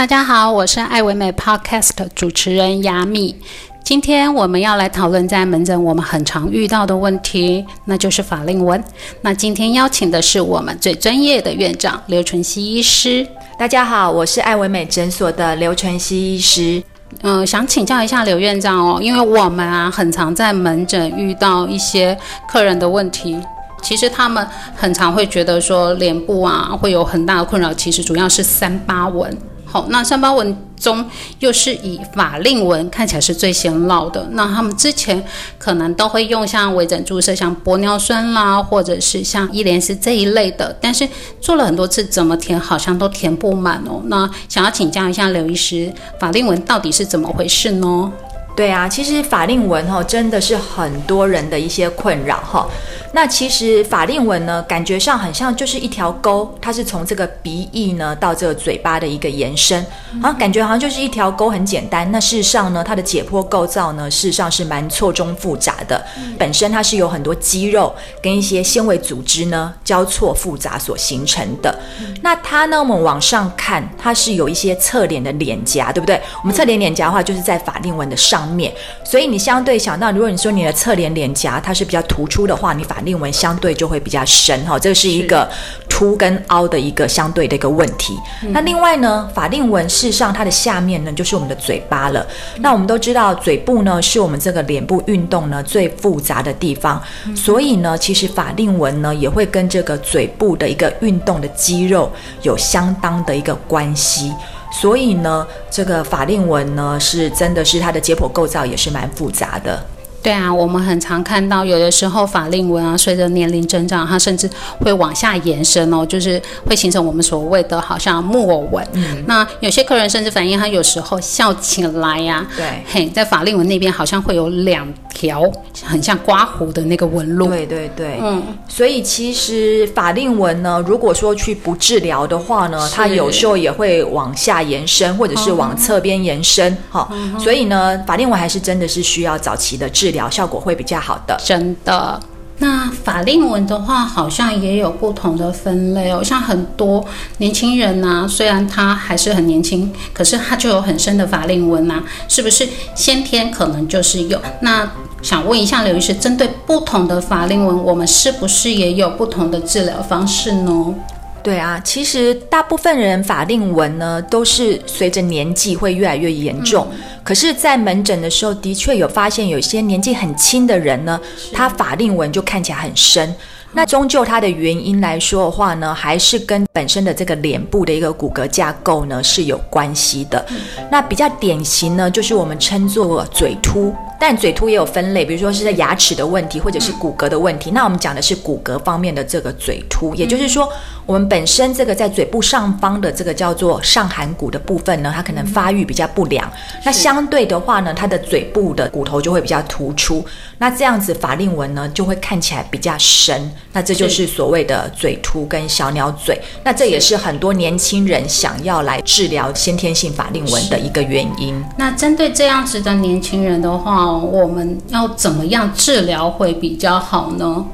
大家好，我是愛惟美 Podcast 主持人雅米。今天我們要來討論在門診我們很常遇到的問題，那就是法令紋。那今天邀請的是我們最專業的院長劉淳熙醫師。大家好，我是愛惟美診所的劉淳熙醫師。嗯，想請教一下劉院長哦，因為我們啊很常在門診遇到一些客人的問題，其實他們很常會覺得說臉部啊會有很大的困擾，其實主要是三八紋。好、哦，那三八紋中，又是以法令紋看起來是最顯老的。那他們之前可能都會用像微整注射像玻尿酸啦，或者是像伊蓮絲這一類的。但是做了很多次，怎麼填好像都填不滿哦。那想要請教一下劉醫師，法令紋到底是怎麼回事呢？對啊，其實法令紋哦，真的是很多人的一些困擾哈。那其實法令紋呢，感覺上很像就是一條溝，它是從這個鼻翼呢到這個嘴巴的一個延伸，然後感覺好像就是一條溝，很簡單。那事實上呢，它的解剖構造呢，事實上是蠻錯綜複雜的，本身它是有很多肌肉跟一些纖維組織呢交錯複雜所形成的。那它呢，我們往上看，它是有一些側臉的臉頰，對不對？我們側臉臉頰的話，就是在法令紋的上面，所以你相對想到，如果你說你的側臉臉頰它是比較突出的話，你法法令紋相對就會比較深哈，這是一個凸跟凹的一個相對的一個問題。是那另外呢，法令紋事實上它的下面呢就是我們的嘴巴了。嗯、那我們都知道，嘴部呢是我們這個臉部運動呢最複雜的地方，嗯、所以呢，其實法令紋呢也會跟這個嘴部的一個運動的肌肉有相當的一個關係。所以呢，這個法令紋呢是真的是它的解剖構造也是蠻複雜的。對啊，我們很常看到，有的時候法令紋啊，隨着年齡增長，它甚至會往下延伸哦，就是會形成我們所謂的好像木偶紋。嗯，那有些客人甚至反映，他有時候笑起來呀、啊，對，嘿，在法令紋那邊好像會有兩條，很像刮鬍的那個紋路。對對對，嗯，所以其實法令紋呢，如果說去不治療的話呢，是它有時候也會往下延伸，或者是往側邊延伸，哈，所以呢，法令紋還是真的是需要早期的治。治療效果會比較好的，真的。那法令紋的話，好像也有不同的分類哦。像很多年輕人呢、啊，雖然他還是很年輕，可是他就有很深的法令紋吶、啊，是不是先天可能就是有？那想問一下劉醫師，針對不同的法令紋，我們是不是也有不同的治療方式呢？對啊，其實大部分人法令紋呢，都是隨着年紀會越來越嚴重。嗯、可是，在門診的時候，的確有發現有些年紀很輕的人呢，是他法令紋就看起來很深。那終究它的原因來說的話呢，還是跟本身的這個臉部的一個骨骼架構呢是有關係的。嗯、那比較典型呢，就是我們稱作嘴凸。但嘴凸也有分類，比如說是在牙齒的問題或者是骨骼的問題。那我們講的是骨骼方面的這個嘴凸，也就是說我們本身這個在嘴部上方的這個叫做上頜骨的部分呢，它可能發育比較不良。是那相對的話呢，它的嘴部的骨頭就會比較突出，那這樣子法令紋呢就會看起來比較深。那這就是所謂的嘴凸跟小鳥嘴，是那這也是很多年輕人想要來治療先天性法令紋的一個原因。那針對這樣子的年輕人的話，我們要怎麼樣治療會比較好呢？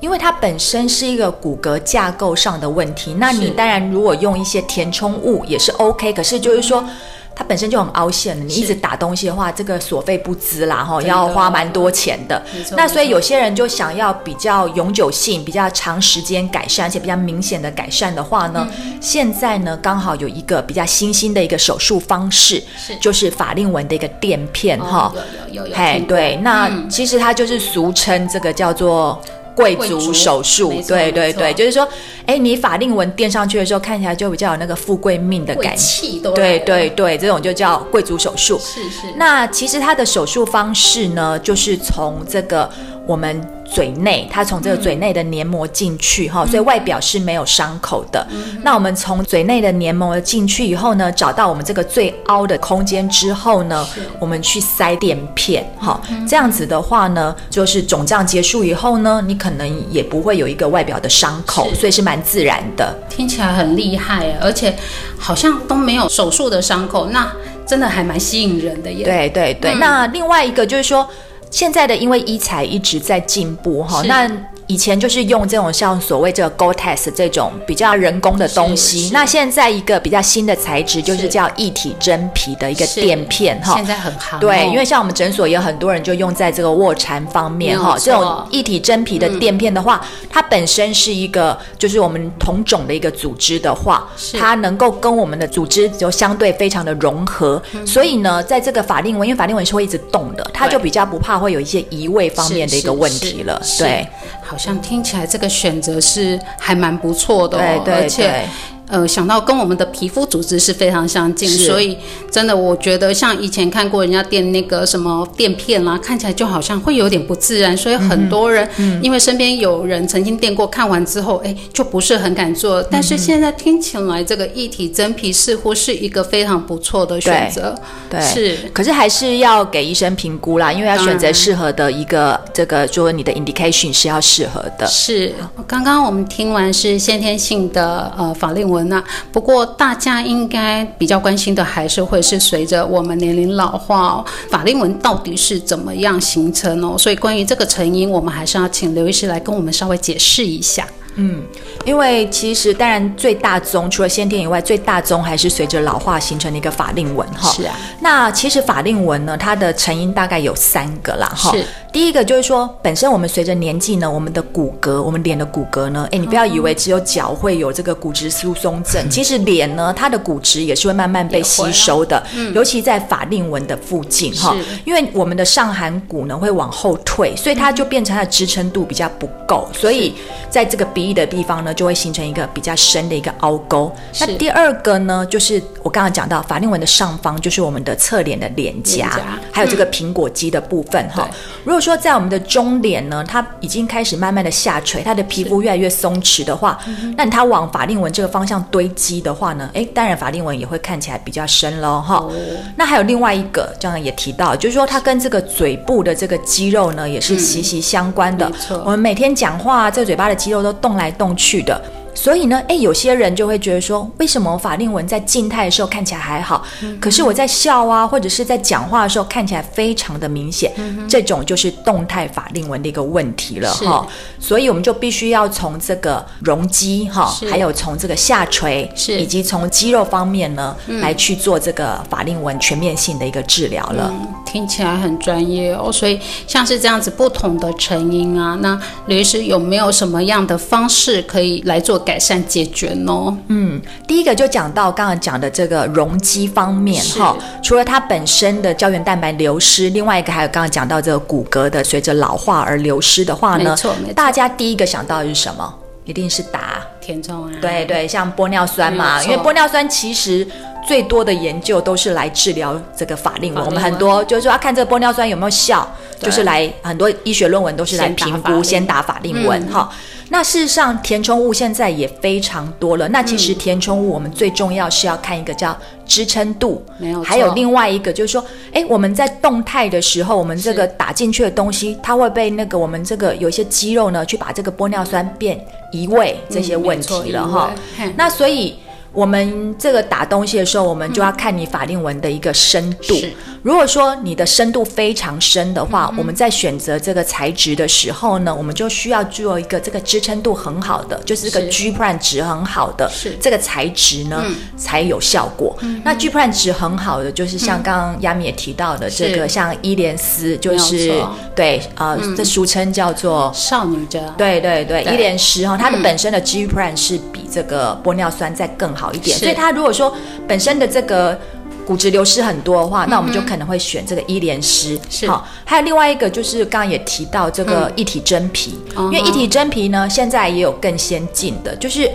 因為它本身是一個骨骼架構上的問題，那你當然如果用一些填充物也是 OK，可是就是說，嗯它本身就很凹陷的，你一直打東西的話，是這個所費不貲啦，哈，要花蠻多錢的。那所以有些人就想要比較永久性、比較長時間改善，而且比較明顯的改善的話呢，嗯、現在呢剛好有一個比較新興的一個手術方式，是就是法令紋的一個墊片，哈是，有有有有。有有，有，對、嗯、那其實它就是俗稱這個叫做。貴族，貴族手術，沒錯，對對對，沒錯。就是說，哎，你法令紋墊上去的時候，看起來就比較有那個富貴命的感覺，對對對，這種就叫貴族手術。是是是，那其實它的手術方式呢，就是從這個我們。嘴內，它從這個嘴內的黏膜進去哈，嗯、所以外表是沒有傷口的。嗯、那我們從嘴內的黏膜進去以後呢，找到我們這個最凹的空間之後呢，是我們去塞墊片哈，嗯、這樣子的話呢，就是腫脹結束以後呢，你可能也不會有一個外表的傷口，是所以是蠻自然的。聽起來很厲害、啊，而且好像都沒有手術的傷口，那真的還蠻吸引人的耶。對對對，嗯、那另外一個就是說。現在的，因為醫材一直在進步哈是、哦，那。以前就是用這種像所謂這個 Gore-Tex 這種比較人工的東西，那現在一個比較新的材質就是叫異體真皮的一個墊片哈。是吼現在很行。對，因為像我們診所也有很多人就用在這個臥蠶方面哈，這種異體真皮的墊片的話，嗯、它本身是一個就是我們同種的一個組織的話，是它能夠跟我們的組織就相對非常的融合，嗯、所以呢，在這個法令紋，因為法令紋是會一直動的，對它就比較不怕會有一些移位方面的一個問題了，對。好像聽起來這個選擇是還蠻不錯的哦，對對對，而且。呃，想到跟我們的皮膚組織是非常相近，是所以真的我覺得像以前看過人家墊那個什麼墊片啦，啊，看起來就好像會有點不自然，所以很多人因為身邊有人曾經墊過，看完之後哎，欸、就不是很敢做。但是現在聽起來這個異體真皮似乎是一個非常不錯的選擇，對，是，可是還是要給醫生評估啦，因為要選擇適合的一個，嗯、這個就你的 indication 是要適合的。是，剛剛好我們聽完是先天性的呃法令紋。那不過，大家應該比較關心的還是會是隨着我們年齡老化哦，法令紋到底是怎麼樣形成哦。所以，關於這個成因，我們還是要請劉醫師來跟我們稍微解釋一下。嗯，因為其實當然最大宗除了先天以外，最大宗還是隨着老化形成的一個法令紋哈。是啊，那其實法令紋呢，它的成因大概有三個啦哈。是。第一個就是說，本身我們隨着年紀呢，我們的骨骼，我們臉的骨骼呢，哎、欸，你不要以為只有腳會有這個骨質疏鬆症，嗯、其實臉呢，它的骨質也是會慢慢被吸收的，嗯，尤其在法令紋的附近哈，是因為我們的上頜骨呢會往後退，所以它就變成它的支撐度比較不夠，嗯、所以在這個鼻翼的地方呢，就會形成一個比較深的一個凹溝。是那第二個呢，就是我剛剛講到法令紋的上方，就是我們的側臉的臉頰，頰還有這個蘋果肌的部分哈，如果、嗯說在我們的中臉呢，它已經開始慢慢的下垂，它的皮膚越來越鬆弛的話，那是它往法令紋這個方向堆積的話呢，誒、欸，當然法令紋也會看起來比較深咯哈。哦、那還有另外一個，這樣也提到，就是說它跟這個嘴部的這個肌肉呢，也是息息相關的。嗯、沒錯，我們每天講話、啊，這個、嘴巴的肌肉都動來動去的。所以呢，哎，有些人就會覺得說，為什麼法令紋在靜態的時候看起來還好，嗯、哼可是我在笑啊，或者是在講話的時候看起來非常的明顯，嗯、哼這種就是動態法令紋的一個問題了哈是、哦。所以我們就必須要從這個容積哈，哦、是還有從這個下垂，是，以及從肌肉方面呢、嗯、來去做這個法令紋全面性的一個治療了、嗯。聽起來很專業哦，所以像是這樣子不同的成因啊，那劉醫師有沒有什麼樣的方式可以來做？改善解決呢、哦、嗯，第一個就講到剛剛講的這個容積方面哈是，除了它本身的膠原蛋白流失，另外一個還有剛剛講到這個骨骼的隨着老化而流失的話呢，沒錯，沒大家第一個想到的是什麼？一定是打填充啊，對對，像玻尿酸嘛，嗯、因為玻尿酸其實最多的研究都是來治療這個法令紋，令我們很多就是說要看這個玻尿酸有沒有效，對就是來很多醫學論文都是來評估先打法令紋哈。那事實上，填充物現在也非常多了。那其實填充物我們最重要是要看一個叫支撐度，沒有錯。還有另外一個就是說，哎，我們在動態的時候，我們這個打進去的東西，是它會被那個我們這個有些肌肉呢去把這個玻尿酸變移位，這些問題了哈。嗯、那所以。我們這個打東西的時候，我們就要看你法令紋的一個深度。是，如果說你的深度非常深的話，我們在選擇這個材質的時候呢，我們就需要做一個這個支撐度很好的，就是這個 G p r a n 值很好的這個材質呢，才有效果。那 G p r a n 值很好的，就是像剛剛亞米也提到的這個，像伊蓮絲，就是對，啊，這俗稱叫做少女針。對對對，伊蓮絲哈，它的本身的 G p r a n 是比這個玻尿酸再更好。好一點，所以他如果說本身的這個骨質流失很多的話，那我們就可能會選這個伊蓮絲，是好，還有另外一個就是剛剛也提到這個異體真皮，嗯、因為異體真皮呢現在也有更先進的，就是。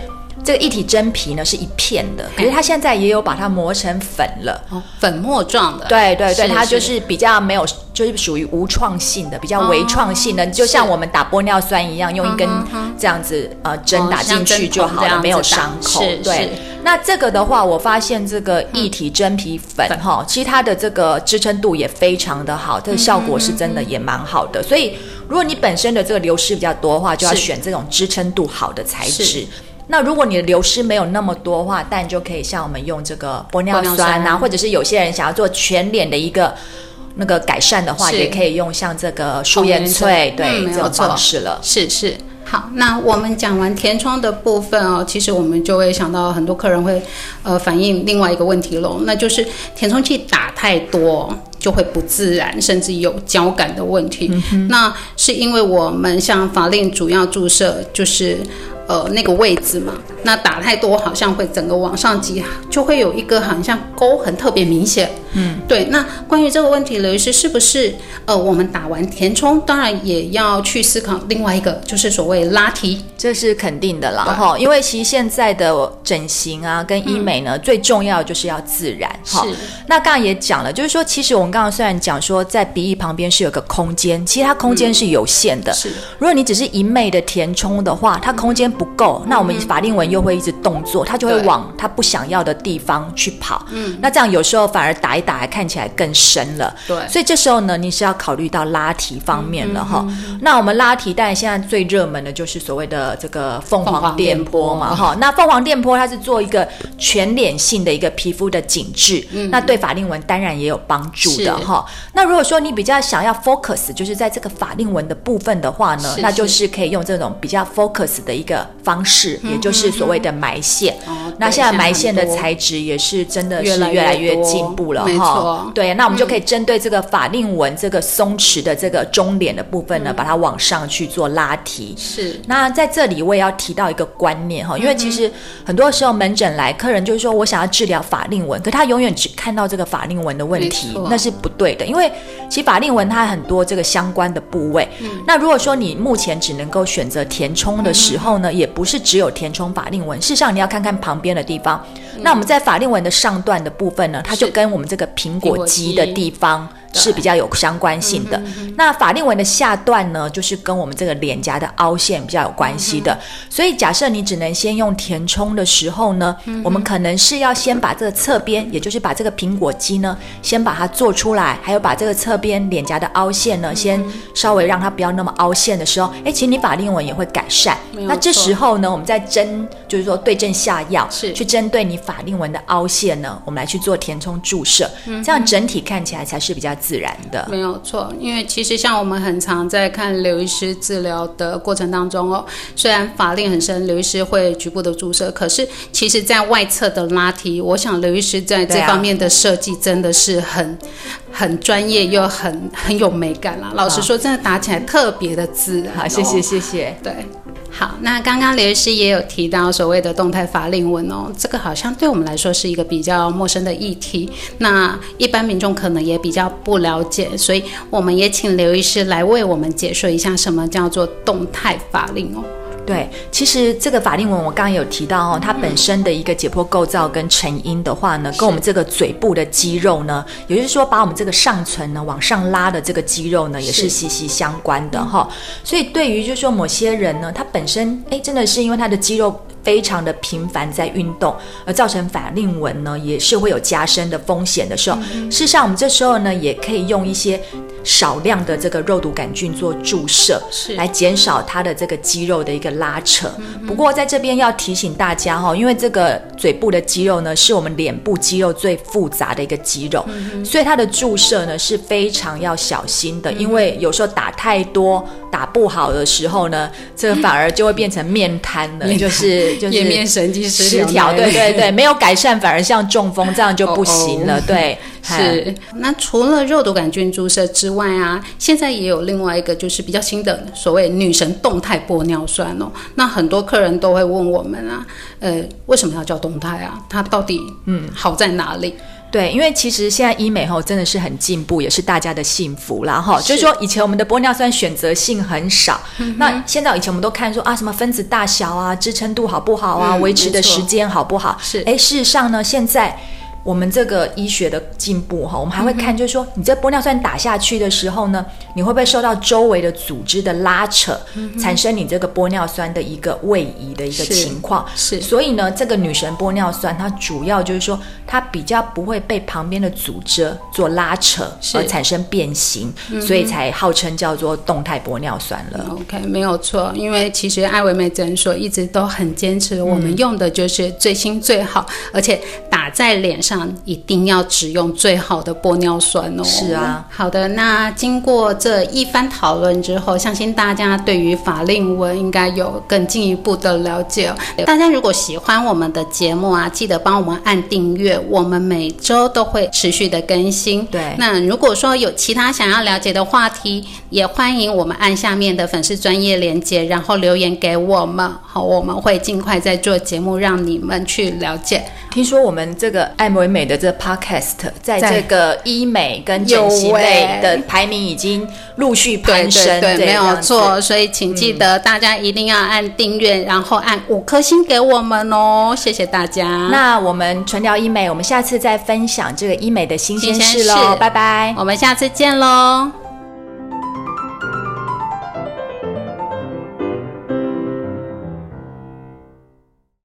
這個異體真皮呢是一片的，可是它現在也有把它磨成粉了，粉末狀的。對對對，它就是比較沒有，就是屬於無創性的，比較微創性的，就像我們打玻尿酸一樣，用一根這樣子呃針打進去就好了，沒有傷口。對。那這個的話，我發現這個異體真皮粉哈，其實它的這個支撐度也非常的好，這個效果是真的也蠻好的。所以如果你本身的這個流失比較多的話，就要選這種支撐度好的材質。那如果你的流失沒有那麼多的話，但就可以像我們用這個玻尿酸啊，酸啊，或者是有些人想要做全臉的一個那個改善的話，是也可以用像這個舒顏萃、嗯、對、嗯、這種方式了。嗯、是是。好，那我們講完填充的部分哦，其實我們就會想到很多客人會呃反映另外一個問題嘍，那就是填充劑打太多就會不自然，甚至有膠感的問題。嗯、哼那是因為我們像法令主要注射就是。呃，那個位置嘛，那打太多好像會整個往上擠，就會有一個好像溝痕特別明顯。嗯，對。那關於這個問題，劉醫師是不是呃，我們打完填充，當然也要去思考另外一個，就是所謂拉提，這是肯定的啦。哈對，因為其實現在的整形啊，跟醫美呢，嗯、最重要就是要自然。是。那剛剛也講了，就是說，其實我們剛剛雖然講說在鼻翼旁邊是有個空間，其實它空間是有限的。嗯、是。如果你只是一味的填充的話，它空間，嗯。不夠，那我們法令紋又會一直動作，它、嗯、哼就會往它不想要的地方去跑。嗯對，那這樣有時候反而打一打還看起來更深了。對，所以這時候呢，你是要考慮到拉提方面了哈。嗯、哼那我們拉提，當然現在最熱門的就是所謂的這個鳳凰電波嘛哈。鳳哦、那鳳凰電波它是做一個全臉性的一個皮膚的緊致，嗯、那對法令紋當然也有幫助的哈。是那如果說你比較想要 focus，就是在這個法令紋的部分的話呢，是是那就是可以用這種比較 focus 的一個。方式，也就是所謂的埋線。嗯嗯嗯、那現在埋線的材質也是真的，是越來越進步了哈。越來越多，沒錯啊、對，那我們就可以針對這個法令紋、這個鬆弛的這個中臉的部分呢，嗯、把它往上去做拉提。是。那在這裡我也要提到一個觀念哈，因為其實很多時候門診來客人就是說我想要治療法令紋，可他永遠只看到這個法令紋的問題，啊、那是不對的。因為其實法令紋它很多這個相關的部位。嗯、那如果說你目前只能夠選擇填充的時候呢，也不是只有填充法令紋，事實上你要看看旁邊的地方。嗯、那我們在法令紋的上段的部分呢，它就跟我們這個蘋果肌的地方。對是比較有相關性的。嗯哼嗯哼，那法令紋的下段呢，就是跟我們這個臉頰的凹陷比較有關係的。嗯、哼所以假設你只能先用填充的時候呢，嗯、哼我們可能是要先把這個側邊，也就是把這個蘋果肌呢，先把它做出來，還有把這個側邊臉頰的凹陷呢，先稍微讓它不要那麼凹陷的時候，哎、欸，其實你法令紋也會改善。沒 那這時候呢，嗯、哼我們再針就是說對症下藥，是去針對你法令紋的凹陷呢，我們來去做填充注射，嗯哼嗯哼，這樣整體看起來才是比較。自然的，沒有錯。因為其實像我們很常在看劉醫師治療的過程當中哦，雖然法令很深，劉醫師會局部的注射，可是其實在外側的拉提，我想劉醫師在這方面的設計真的是很、啊、很專業又很很有美感啦。老實說，真的打起來特別的自然，哦。好，謝謝謝謝，對。好，那剛剛劉醫師也有提到所謂的動態法令紋哦，這個好像對我們來說是一個比較陌生的議題，那一般民眾可能也比較不了解，所以我們也請劉醫師來為我們解說一下什麼叫做動態法令哦。對，其實這個法令紋我剛剛有提到哦，它本身的一個解剖構造跟成因的話呢，跟我們這個嘴部的肌肉呢，也就是說把我們這個上唇呢往上拉的這個肌肉呢，也是息息相關的哈、哦。所以對於就是說某些人呢，他本身哎真的是因為他的肌肉。非常的頻繁在運動，而造成法令紋呢，也是會有加深的風險的時候。嗯嗯，事實上，我們這時候呢，也可以用一些少量的這個肉毒桿菌做注射，是，來減少它的這個肌肉的一個拉扯。嗯嗯，不過在這邊要提醒大家哈、哦，因為這個嘴部的肌肉呢，是我們臉部肌肉最複雜的一個肌肉，嗯嗯，所以它的注射呢是非常要小心的，因為有時候打太多。打不好的時候呢，這反而就會變成面癱了，就是就是面神經失調，對對對，是沒有改善反而像中風這樣就不行了，哦哦對，是。嗯，那除了肉毒桿菌注射之外啊，現在也有另外一個就是比較新的所謂女神動態玻尿酸哦，喔。那很多客人都會問我們啊，呃，為什麼要叫動態啊？它到底嗯好在哪裡？嗯對，因為其實現在醫美哈真的是很進步，也是大家的幸福了哈。所以是說，以前我們的玻尿酸選擇性很少，嗯、哼那現在以前我們都看說啊，什麼分子大小啊，支撐度好不好啊，嗯、維持的時間好不好？是錯，哎，事實上呢，現在。我們這個醫學的進步哈、哦，我們還會看，就是說你在玻尿酸打下去的時候呢，你會不會受到周圍的組織的拉扯，產生你這個玻尿酸的一個位移的一個情況？是，是所以呢，這個女神玻尿酸它主要就是說它比較不會被旁邊的組織做拉扯是而產生變形，嗯、哼所以才號稱叫做動態玻尿酸了。OK，沒有錯，因為其實愛惟美診所一直都很堅持，我們用的就是最新最好，嗯、而且。在臉上一定要只用最好的玻尿酸哦。是啊。好的，那經過這一番討論之後，相信大家對於法令紋應該有更進一步的了解哦。大家如果喜歡我們的節目啊，記得幫我們按訂閱，我們每周都會持續的更新。對。那如果說有其他想要了解的話題，也歡迎我們按下面的粉絲專頁連接，然後留言給我們，好，我們會盡快再做節目讓你們去了解。聽說我們。這個愛惟美，美的這個 podcast 在這個醫美跟整形類的排名已經陸續攀升，對，對，對，沒有錯。所以請記得大家一定要按訂閱，嗯、然後按五顆星給我們哦，謝謝大家。那我們淳聊醫美，我們下次再分享這個醫美的新鮮事嘍，星星事，拜拜。我們下次見嘍。